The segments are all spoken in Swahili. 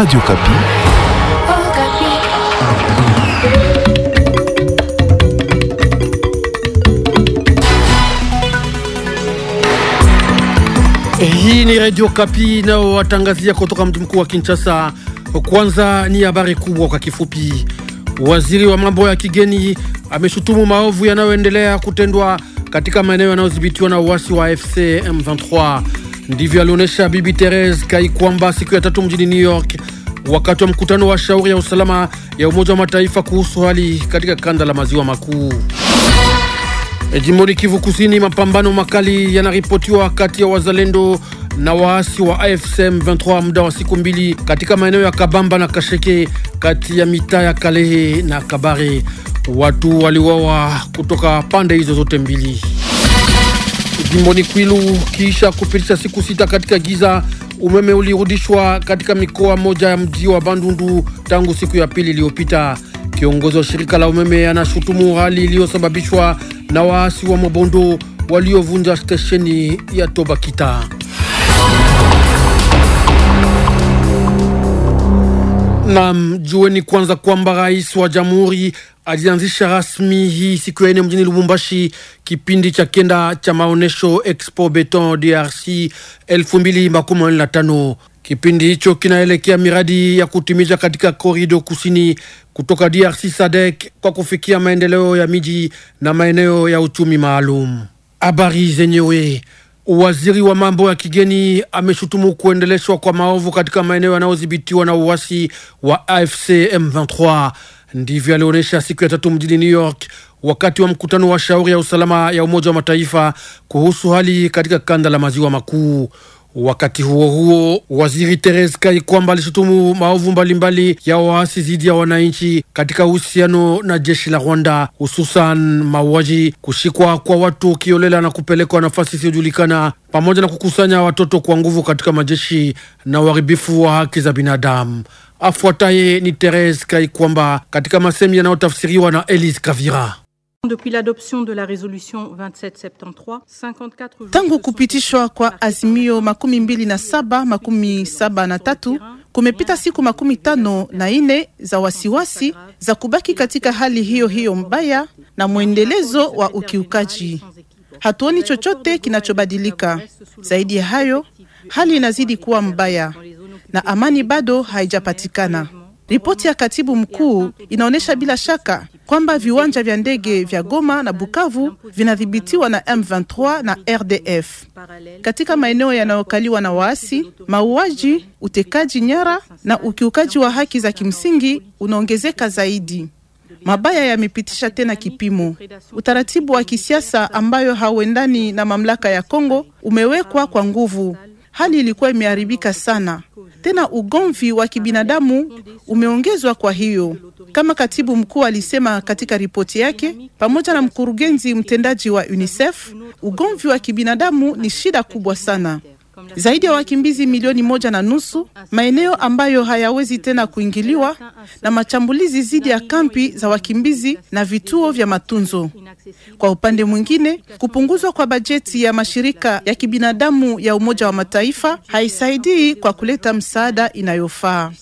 Radio Kapi. Hii ni Radio Kapi watangazia kutoka mji mkuu wa Kinshasa. Kwanza ni habari kubwa kwa kifupi. Waziri wa mambo ya kigeni ameshutumu maovu yanayoendelea kutendwa katika maeneo yanayodhibitiwa na uasi wa FC M23. Ndivyo alionyesha Bibi Therese Kaikwamba siku ya tatu mjini New York wakati wa mkutano wa shauri ya usalama ya Umoja wa Mataifa kuhusu hali katika kanda la maziwa makuu. E, jimboni Kivu Kusini, mapambano makali yanaripotiwa kati ya wazalendo na waasi wa AFC 23 muda wa siku mbili katika maeneo ya Kabamba na Kasheke kati ya mitaa ya Kalehe na Kabare. Watu waliuawa kutoka pande hizo zote mbili. Jimboni Kwilu, kisha kupitisha siku sita katika giza, umeme ulirudishwa katika mikoa moja ya mji wa Bandundu tangu siku ya pili iliyopita. Kiongozi wa shirika la umeme anashutumu hali iliyosababishwa na waasi wa Mabondo waliovunja stesheni ya Tobakita. Na mjueni kwanza kwamba rais wa jamhuri alianzisha rasmi hii siku ya ine mjini Lubumbashi kipindi cha kenda cha maonyesho Expo Beton DRC 2025. Kipindi hicho kinaelekea miradi ya kutimiza katika korido kusini kutoka DRC SADC kwa kufikia maendeleo ya miji na maeneo ya uchumi maalum. Habari zenyewe Waziri wa mambo ya kigeni ameshutumu kuendeleshwa kwa maovu katika maeneo yanayodhibitiwa na uasi wa AFC M23. Ndivyo alionyesha siku ya tatu mjini New York wakati wa mkutano wa shauri ya usalama ya Umoja wa Mataifa kuhusu hali katika kanda la maziwa makuu. Wakati huo huo, waziri Therese Kai kwamba alishutumu maovu mbalimbali ya waasi dhidi ya wananchi katika uhusiano na jeshi la Rwanda, hususan mauaji, kushikwa kwa watu kiolela na kupelekwa nafasi isiyojulikana, pamoja na kukusanya watoto kwa nguvu katika majeshi na uharibifu wa haki za binadamu. Afuataye ni Therese Kai kwamba katika masemi yanayotafsiriwa na Elise Kavira. Depuis l'adoption de la resolution 2773, tangu kupitishwa kwa azimio makumi mbili na saba makumi saba na tatu kumepita siku makumi tano na nne za wasiwasi za kubaki katika hali hiyo hiyo mbaya na mwendelezo wa ukiukaji. Hatuoni chochote kinachobadilika. Zaidi ya hayo, hali inazidi kuwa mbaya na amani bado haijapatikana. Ripoti ya katibu mkuu inaonyesha bila shaka kwamba viwanja vya ndege vya Goma na Bukavu vinadhibitiwa na M23 na RDF. Katika maeneo yanayokaliwa na waasi, mauaji, utekaji nyara na ukiukaji wa haki za kimsingi unaongezeka zaidi. Mabaya yamepitisha tena kipimo. Utaratibu wa kisiasa ambayo hauendani na mamlaka ya Kongo umewekwa kwa nguvu hali ilikuwa imeharibika sana. Tena ugomvi wa kibinadamu umeongezwa. Kwa hiyo kama katibu mkuu alisema katika ripoti yake, pamoja na mkurugenzi mtendaji wa UNICEF, ugomvi wa kibinadamu ni shida kubwa sana zaidi ya wakimbizi milioni moja na nusu, maeneo ambayo hayawezi tena kuingiliwa na mashambulizi dhidi ya kampi za wakimbizi na vituo vya matunzo. Kwa upande mwingine, kupunguzwa kwa bajeti ya mashirika ya kibinadamu ya Umoja wa Mataifa haisaidii kwa kuleta msaada inayofaa.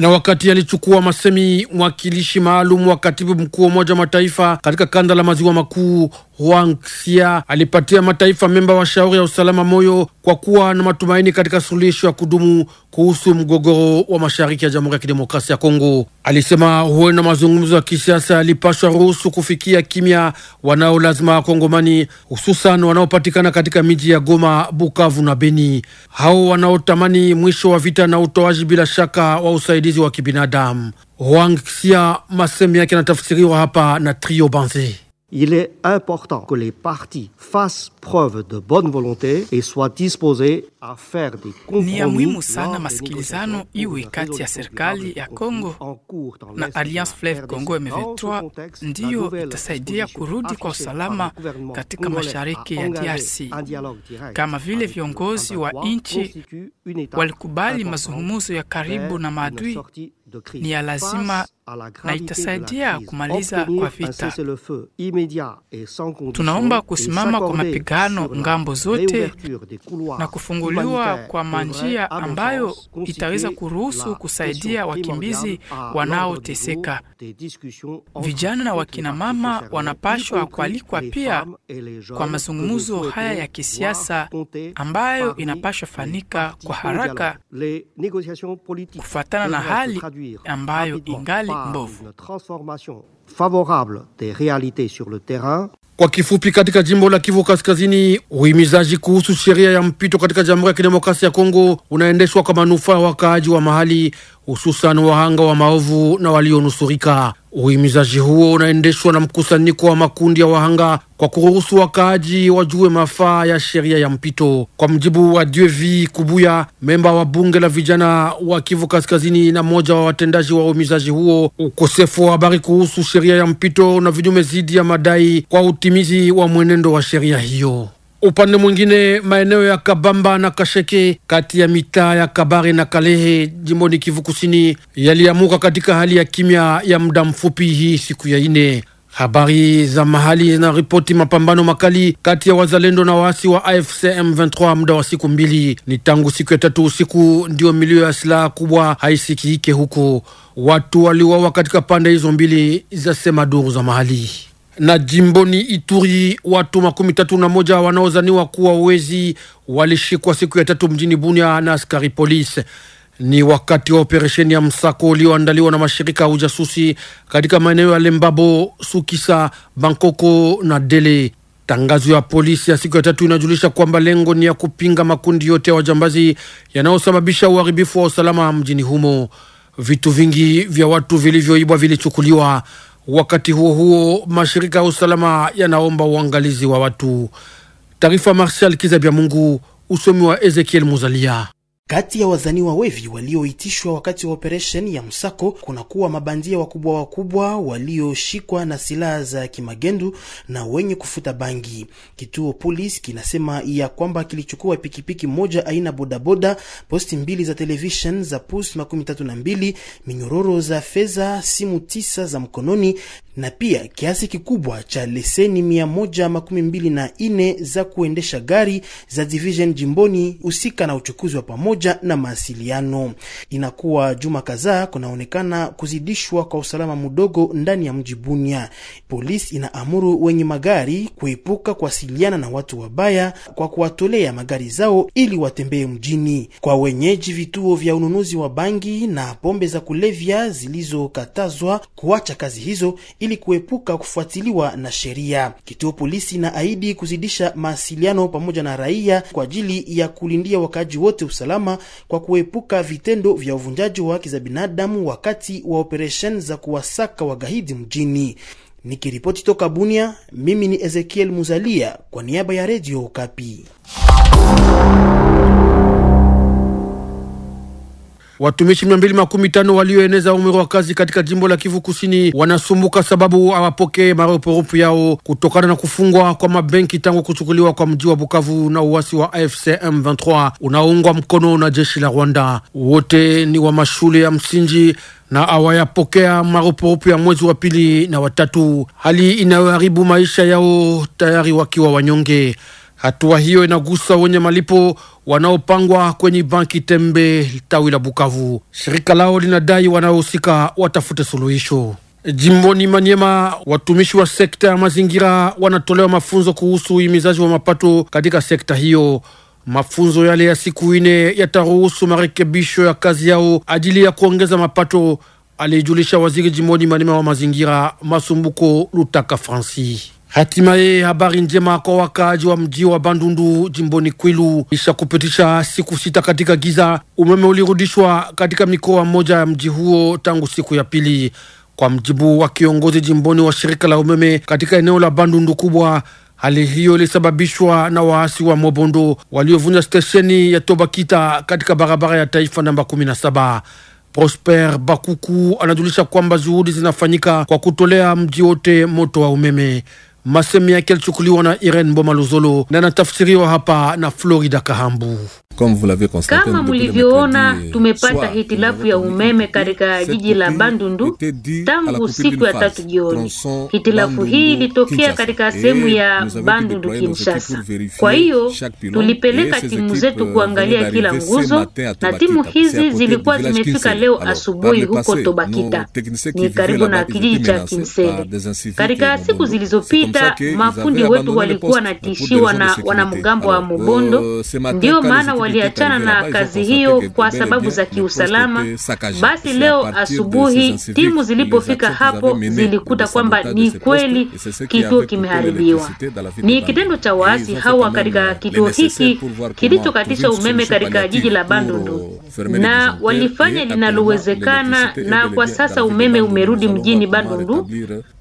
Na wakati alichukua masemi mwakilishi maalum wa katibu mkuu wa Umoja wa Mataifa katika kanda la maziwa makuu Huang Xia alipatia mataifa memba wa shauri ya usalama moyo kwa kuwa na matumaini katika suluhisho ya kudumu kuhusu mgogoro wa mashariki ya Jamhuri ya Kidemokrasia ya Kongo. Alisema huenda mazungumzo ya kisiasa yalipashwa ruhusu kufikia kimya wanaolazima Wakongomani, hususan wanaopatikana katika miji ya Goma, Bukavu na Beni, hao wanaotamani mwisho wa vita na utoaji bila shaka wa usaidizi wa kibinadamu. Hoang Xia, masemi yake yanatafsiriwa hapa na Trio Banze il est important que les partis fassent preuve de bonne volonté et soient disposés à faire des compromis. Ni ya muhimu sana masikilizano iwe kati ya serikali ya Kongo na Alliance Fleuve Congo M23 ndiyo itasaidia kurudi kwa usalama katika mashariki ya DRC, kama vile viongozi wa nchi walikubali mazungumzo ya karibu na maadui ni ya lazima na itasaidia kumaliza kwa vita. Tunaomba kusimama kwa mapigano ngambo zote na kufunguliwa kwa manjia ambayo itaweza kuruhusu kusaidia wakimbizi wanaoteseka. Vijana na wakinamama wanapashwa kualikwa pia kwa mazungumzo haya ya kisiasa ambayo inapashwa fanika kwa haraka kufuatana na hali ambayo ingali mbovu. Kwa kifupi, katika jimbo la Kivu Kaskazini, uhimizaji kuhusu sheria ya mpito katika Jamhuri ya Kidemokrasia ya Kongo unaendeshwa kwa manufaa wakaaji wa mahali hususan wahanga wa maovu na walionusurika. Uhimizaji huo unaendeshwa na mkusanyiko wa makundi ya wahanga kwa kuruhusu wakaaji wajue mafaa ya sheria ya mpito. Kwa mjibu wa Dieu Kubuya, memba wa bunge la vijana wa Kivu Kaskazini na mmoja wa watendaji wa uhimizaji huo, ukosefu wa habari kuhusu sheria ya mpito na vinyume zidi ya madai kwa utimizi wa mwenendo wa sheria hiyo. Upande mwingine maeneo ya Kabamba na Kasheke kati ya mitaa ya Kabare na Kalehe jimboni Kivu Kusini yaliamuka katika hali ya kimya ya muda mfupi hii siku ya ine. Habari za mahali zinaripoti mapambano makali kati ya wazalendo na waasi wa AFC M23 muda wa siku mbili. Ni tangu siku ya tatu usiku ndiyo milio ya silaha kubwa haisikiike huko. Watu waliuawa katika pande hizo mbili, zasema duru za mahali na jimboni Ituri watu makumi tatu na moja wanaozaniwa kuwa wezi walishikwa siku ya tatu mjini Bunia na askari polisi. Ni wakati wa operesheni ya msako ulioandaliwa na mashirika ya ujasusi katika maeneo ya Lembabo, Sukisa, Bankoko na Dele. Tangazo ya polisi ya siku ya tatu inajulisha kwamba lengo ni ya kupinga makundi yote ya wajambazi yanayosababisha uharibifu wa usalama mjini humo. Vitu vingi vya watu vilivyoibwa vilichukuliwa. Wakati huo huo, mashirika ya usalama yanaomba uangalizi wa watu. Taarifa Marshal Kizabya Mungu, usomi wa Ezekiel Muzalia. Kati ya wazaniwa wevi walioitishwa wakati wa operesheni ya msako kunakuwa mabandia wakubwa wakubwa walioshikwa na silaha za kimagendu na wenye kufuta bangi. Kituo polisi kinasema ya kwamba kilichukua pikipiki moja aina bodaboda, posti mbili za televishen za pus makumi tatu na mbili, minyororo za fedha, simu tisa za mkononi na pia kiasi kikubwa cha leseni mia moja mbili na ine za kuendesha gari za division jimboni husika na uchukuzi wa pamoja na mawasiliano. Inakuwa juma kadhaa kunaonekana kuzidishwa kwa usalama mdogo ndani ya mji Bunia. Polisi inaamuru wenye magari kuepuka kuwasiliana na watu wabaya kwa kuwatolea magari zao ili watembee mjini. Kwa wenyeji vituo vya ununuzi wa bangi na pombe za kulevya zilizokatazwa kuacha kazi hizo ili kuepuka kufuatiliwa na sheria. Kituo polisi na aidi kuzidisha mawasiliano pamoja na raia kwa ajili ya kulindia wakaaji wote usalama kwa kuepuka vitendo vya uvunjaji wa haki za binadamu wakati wa operesheni za kuwasaka wagaidi mjini. Nikiripoti toka Bunia, mimi ni Ezekiel Muzalia kwa niaba ya Redio Okapi. Watumishi mia mbili makumi tano walioeneza umri wa kazi katika jimbo la Kivu Kusini wanasumbuka sababu hawapokee marupurupu yao kutokana na kufungwa kwa mabenki tangu kuchukuliwa kwa mji wa Bukavu na uwasi wa AFC M23 unaoungwa mkono na jeshi la Rwanda. Wote ni wa mashule ya msingi na awayapokea marupurupu ya mwezi wa pili na watatu, hali inayoharibu maisha yao tayari wakiwa wanyonge. Hatua hiyo inagusa wenye malipo wanaopangwa kwenye banki Tembe tawi la Bukavu. Shirika lao linadai wanaohusika watafute suluhisho. Jimboni Manyema, watumishi wa sekta ya mazingira wanatolewa mafunzo kuhusu uhimizaji wa mapato katika sekta hiyo. Mafunzo yale ya siku ine yataruhusu marekebisho ya kazi yao ajili ya kuongeza mapato, alijulisha waziri jimboni Manyema wa mazingira Masumbuko Lutaka Fransi. Hatimaye habari njema kwa wakaaji wa mji wa Bandundu jimboni Kwilu. Kisha kupitisha siku sita katika giza, umeme ulirudishwa katika mikoa moja ya mji huo tangu siku ya pili, kwa mjibu wa kiongozi jimboni wa shirika la umeme katika eneo la Bandundu kubwa. Hali hiyo ilisababishwa na waasi wa Mobondo waliovunja stesheni ya Tobakita katika barabara ya taifa namba 17. Prosper Bakuku anajulisha kwamba juhudi zinafanyika kwa kutolea mji wote moto wa umeme. Masemi yake yalichukuliwa na Irene Bomaluzolo na yanatafsiriwa hapa na Florida Kahambu. Kama mulivyoona, tumepata hitilafu ya umeme katika jiji la Bandundu tangu siku ya tatu jioni. Hitilafu hii ilitokea katika eh, sehemu ya Bandundu Kinshasa. Kwa hiyo tulipeleka timu zetu kuangalia kila nguzo, na timu hizi zilikuwa zimefika leo asubuhi huko Tobakita, ni karibu na kijiji cha Kinsele. Katika siku zilizopita, mafundi wetu walikuwa natishiwa na wanamgambo wa Mobondo, ndio euh, maana waliachana na kazi hiyo kwa sababu za kiusalama. Basi leo asubuhi timu zilipofika hapo zilikuta kwamba ni kweli kituo kimeharibiwa. Ni kitendo cha waasi hawa katika kituo hiki kilichokatisha umeme katika jiji la Bandundu na walifanya linalowezekana, na kwa sasa umeme umerudi mjini Bandundu.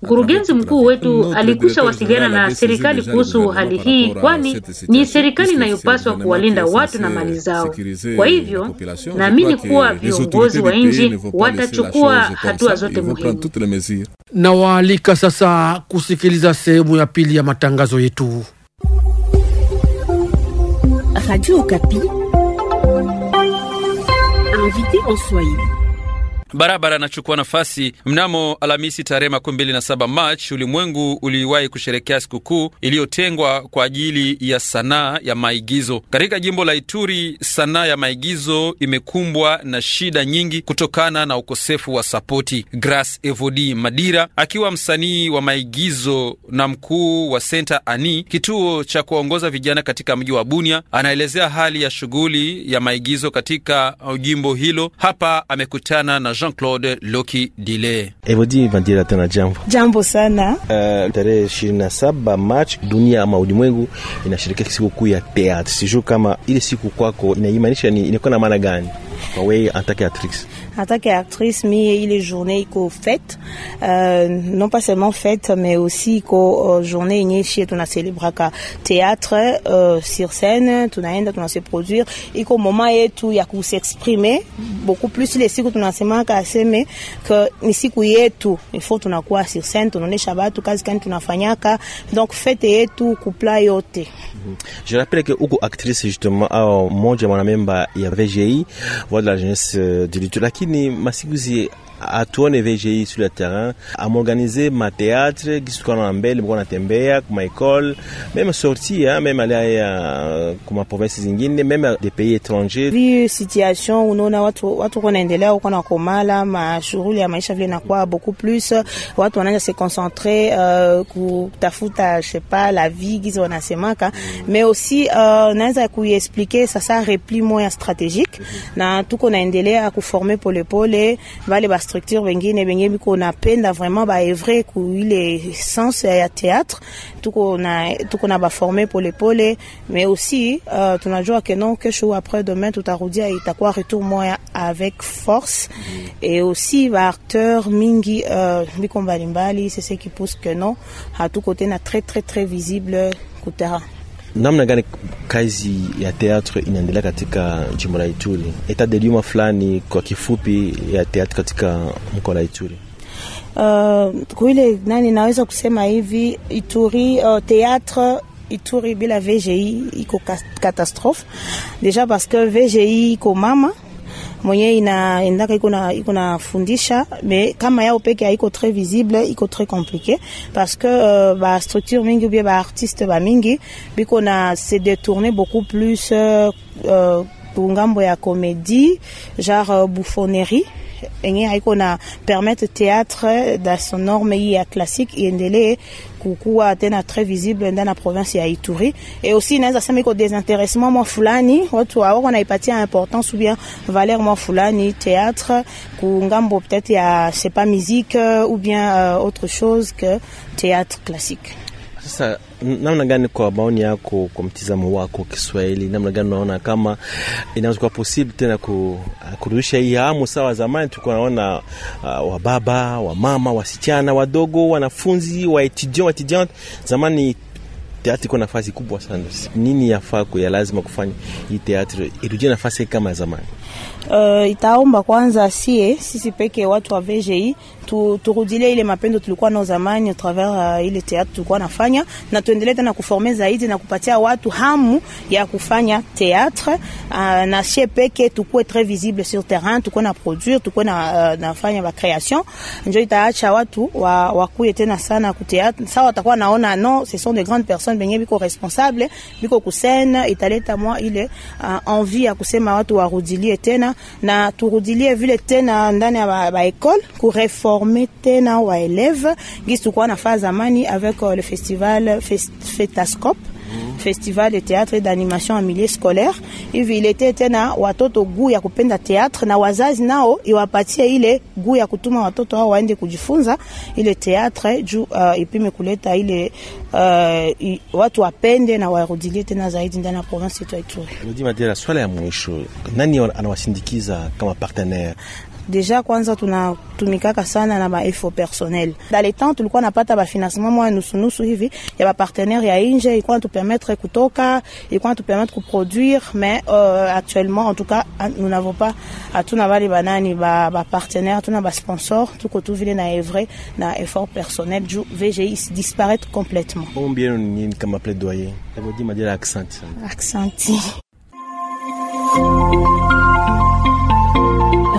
Mkurugenzi mkuu wetu alikusha wasiliana na serikali kuhusu hali hii, kwani ni serikali inayopaswa kuwalinda watu na mali zao. Kwa hivyo naamini kuwa viongozi wa nchi watachukua hatua zote muhimu. Nawaalika sasa kusikiliza sehemu ya pili ya matangazo yetu. invité en soyez. barabara anachukua nafasi. Mnamo Alhamisi tarehe makumi mbili na saba Machi, ulimwengu uliwahi kusherekea sikukuu iliyotengwa kwa ajili ya sanaa ya maigizo. Katika jimbo la Ituri, sanaa ya maigizo imekumbwa na shida nyingi kutokana na ukosefu wa sapoti. Gras Evodi Madira akiwa msanii wa maigizo na mkuu wa Senta Ani, kituo cha kuwaongoza vijana katika mji wa Bunia, anaelezea hali ya shughuli ya maigizo katika jimbo hilo. Hapa amekutana na Jean-Claude Loki Dile. Evodi Vandira, tena jambo. Jambo sana. Uh, tarehe 27 Machi dunia ama ulimwengu inashiriki kuu ya teatri. Sijui kama ile siku kwako inaimanisha ni inakuwa na maana gani kwa wewe atakia tricks. en tant qu'actrice, il est journées qu'au fête, euh, non pas seulement fête, mais aussi qu'au journée ni chez on a célébré qu'à théâtre, euh, sur scène, tout a on a se produire, et qu'au moment et tout, il y a qu'on s'exprimer beaucoup plus les cycles on a seulement manque que ici qu'on y est tout, il faut on a quoi sur scène, on est Shabbat, tout cas quand on a fanyaka, donc fête et tout, couple et mhm. Je rappelle que Hugo actrice justement, à euh, mon dieu, mon ami, il y avait GI, de la jeunesse euh, de lakini masiku zi à tuone VGI sur le terrain, à m'organiser ma théâtre, Giskonambe, Mgonatembea, ma école, même sortie, hein, même aller à kuma province zingine, même des pays étrangers. Vu situation unaona watu watu wanaendelea huko na komala, shughuli ya maisha vile inakuwa beaucoup plus, watu wanaanza se concentrer uh, kutafuta je sais pas la vie gizo wanasemaka, hein. mm. mais aussi uh, naweza kuiexpliquer sasa repli moya stratégique mm-hmm. na tuko naendelea kuformer polepole vale bas structure vengine venye biko napenda vraiment baevre kuile sens ya théâtre tuko na tuko na pour pôles mais aussi uh, tunajua que non show après demain tout tutarudia itakuwa retour moi avec force mm. et aussi l'acteur bah, mingi uh, biko mbalimbali c'est ce qui pousse que non à tout côté n'a très très très visible namna gani kazi ya teatro inaendelea katika jimbo la Ituri, eta de liuma fulani kwa kifupi ya teatro katika mkoa la Ituri? Uh, kuile nani naweza kusema hivi Ituri, uh, teatre Ituri bila VGI iko katastrophe deja parce que VGI iko mama mwenye ina endaka iko na iko na fundisha mais kama yao peke haiko très visible, iko très compliqué parce que euh, ba structure mingi bien ba artiste ba mingi biko na se détourner beaucoup plus euh, euh ngambo ya comédie genre euh, bouffonnerie enye haiko na permettre théâtre dans son norme ya classique iendelee kukuwa tena très visible dans la province ya Ituri, et aussi naweza sema iko désintéressement mo fulani watu wao wanaipatia importance ou bien valeur Mofoulani, fulani théâtre ngambo peut-être ya c'est pas musique euh, ou bien euh, autre chose que théâtre classique. ça namna gani, kwa maoni yako, kwa mtizamo wako Kiswahili, namna gani unaona kama inaweza kuwa possible tena uh, kurudisha hii hamu sawa? Zamani tulikuwa naona uh, wababa, wamama, wasichana wadogo, wanafunzi, waetudiant, waetudiant. Zamani teatri iko nafasi kubwa sana. Nini yafaa ya lazima kufanya hii teatri irudie nafasi kama zamani? Uh, itaomba kwanza sie sisi peke watu wa VGI tu, turudilie ile mapendo tulikuwa nao zamani a travers uh, ile teatro tulikuwa nafanya, na tuendelee tena kuforme zaidi na kupatia watu hamu ya kufanya teatre uh, na sie peke tukue tres visible sur terrain, tukue na produire, tukue na, uh, nafanya ba creation, njo itaacha watu wa, wakuye tena sana ku teatre. Sawa watakuwa naona non ce sont de grandes personnes benye biko responsable biko kusena, italeta mwa ile uh, envie ya kusema watu warudilie tena na turudilie vile tena ndani ya ba, ba ekole ku former tena waeleve ngisi tulikuwa nafaa zamani avec euh, le festival Fest, Fetascope mm-hmm. festival de théâtre d'animation en milieu scolaire hivi ilete tena watoto guu ya kupenda teatre na wazazi nao iwapatie ile guu ya kutuma watoto hao waende kujifunza ile théâtre ju uh, ipime kuleta ile uh, i, watu wapende na warudilie tena zaidi ndani ya province yetu ya Ituri. Swala ya mwisho, nani anawashindikiza kama partenaire? Deja kwanza tunatumikaka sana na ma effort personnel. Dans le temps tulikuwa napata ba financement mwa nusu nusu hivi ya ba partenaire ya inje ilikuwa tupermettre kutoka, ilikuwa permettre kuproduire mais euh, actuellement en tout cas ah, nous n'avons pas hatuna ah, bali banani ba, ba partenaire, hatuna ba sponsor, tuko tu vile na evre na effort personnel juu VGI disparaître complètement. Combien ni kama plaidoyer. Accent. Accent.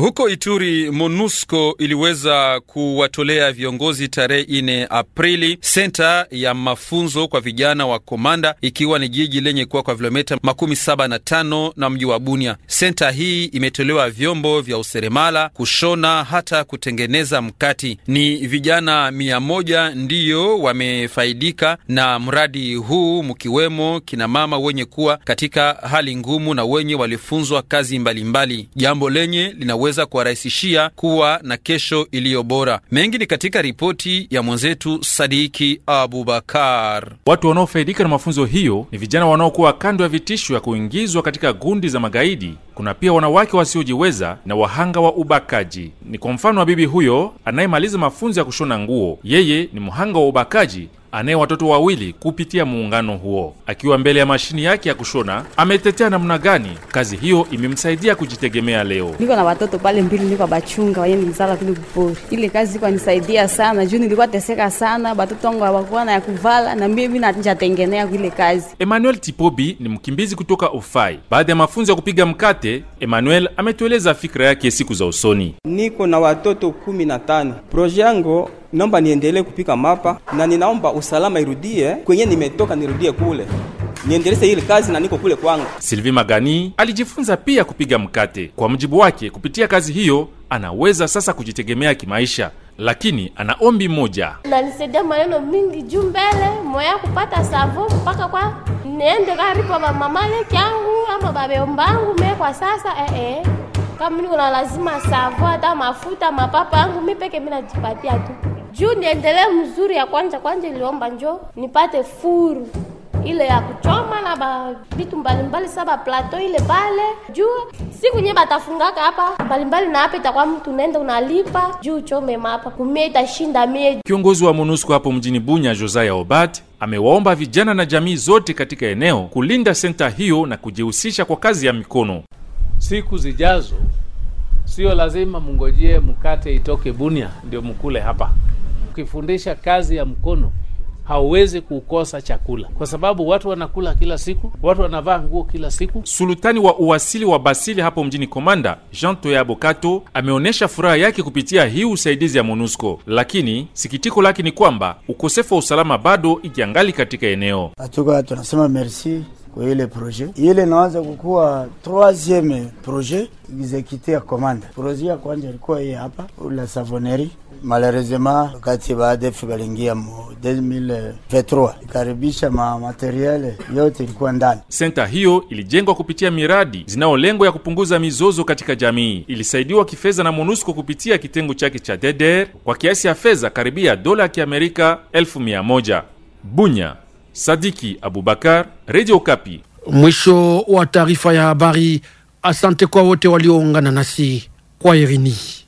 Huko Ituri, MONUSCO iliweza kuwatolea viongozi tarehe ine Aprili senta ya mafunzo kwa vijana wa Komanda, ikiwa ni jiji lenye kuwa kwa vilometa makumi saba na tano na mji wa Bunia. Senta hii imetolewa vyombo vya useremala, kushona, hata kutengeneza mkati. Ni vijana mia moja ndiyo wamefaidika na mradi huu, mkiwemo kinamama wenye kuwa katika hali ngumu na wenye walifunzwa kazi mbalimbali mbali. Jambo lenye linawe kuweza kuwarahisishia kuwa na kesho iliyo bora. Mengi ni katika ripoti ya mwenzetu Sadiki Abubakar. Watu wanaofaidika na mafunzo hiyo ni vijana wanaokuwa kando ya vitisho ya kuingizwa katika gundi za magaidi. Kuna pia wanawake wasiojiweza na wahanga wa ubakaji. Ni kwa mfano wa bibi huyo anayemaliza mafunzo ya kushona nguo, yeye ni mhanga wa ubakaji anaye watoto wawili kupitia muungano huo. Akiwa mbele ya mashini yake ya kushona, ametetea namna gani kazi hiyo imemsaidia kujitegemea. Leo niko na watoto pale mbili, niko bachunga wenye nilizala kule kupori. Ile kazi iko nisaidia sana juu nilikuwa teseka sana, watoto wangu hawakuwa na ya kuvala na mimi najatengenea kule kazi. Emmanuel Tipobi ni mkimbizi kutoka Ufai. Baada ya mafunzo ya kupiga mkate, Emmanuel ametueleza fikra yake siku za usoni. Niko na watoto kumi na tano proje yango naomba niendelee kupika mapa na ninaomba usalama irudie kwenye nimetoka, nirudie kule niendeleze ile kazi na niko kule kwangu. Sylvie Magani alijifunza pia kupiga mkate. Kwa mjibu wake, kupitia kazi hiyo anaweza sasa kujitegemea kimaisha, lakini ana ombi moja: nanisaidia maneno mingi juu mbele moya kupata savo mpaka kwa niende karibu mamamaleki yangu ama babeombangu me kwa sasa eh, eh. Kama niko na lazima savo hata mafuta mapapa yangu mi peke najipatia tu juu niendelee mzuri ya kwanza kwanza, iliomba njo nipate furu ile ya kuchoma na ba vitu mbalimbali saba plato ile pale juu siku nye batafungaka hapa mbalimbali na hapa itakuwa mtu nenda unalipa juu chome mapa kumie itashinda mie. Kiongozi wa MONUSCO hapo mjini Bunya, Josaya Obat amewaomba vijana na jamii zote katika eneo kulinda senta hiyo na kujihusisha kwa kazi ya mikono. Siku zijazo sio lazima mungojie mkate itoke Bunya ndio mkule hapa Ukifundisha kazi ya mkono hauwezi kukosa chakula, kwa sababu watu wanakula kila siku, watu wanavaa nguo kila siku. Sultani wa uwasili wa Basili hapo mjini Komanda, Jean Toya Kato ameonyesha furaha yake kupitia hii usaidizi ya MONUSCO, lakini sikitiko lake ni kwamba ukosefu wa usalama bado ikiangali katika eneo atuka. Tunasema merci kwa ile projet ile inaanza kukuwa troisieme projet exekite ya Komanda. Projet ya kwanza ilikuwa hii hapa la savoneri Malheureusement, wakati baadef balingia mu 2023 ikaribisha ma materiel yote ilikuwa ndani. Senta hiyo ilijengwa kupitia miradi zinaolengo lengo ya kupunguza mizozo katika jamii. Ilisaidiwa kifedha na MONUSCO kupitia kitengo chake cha ddr kwa kiasi ya fedha karibia dola ya Kiamerika elfu mia moja. Bunya, Sadiki Abubakar, Radio Kapi. Mwisho wa taarifa ya habari. Asante kwa wote walioungana nasi kwa Irini.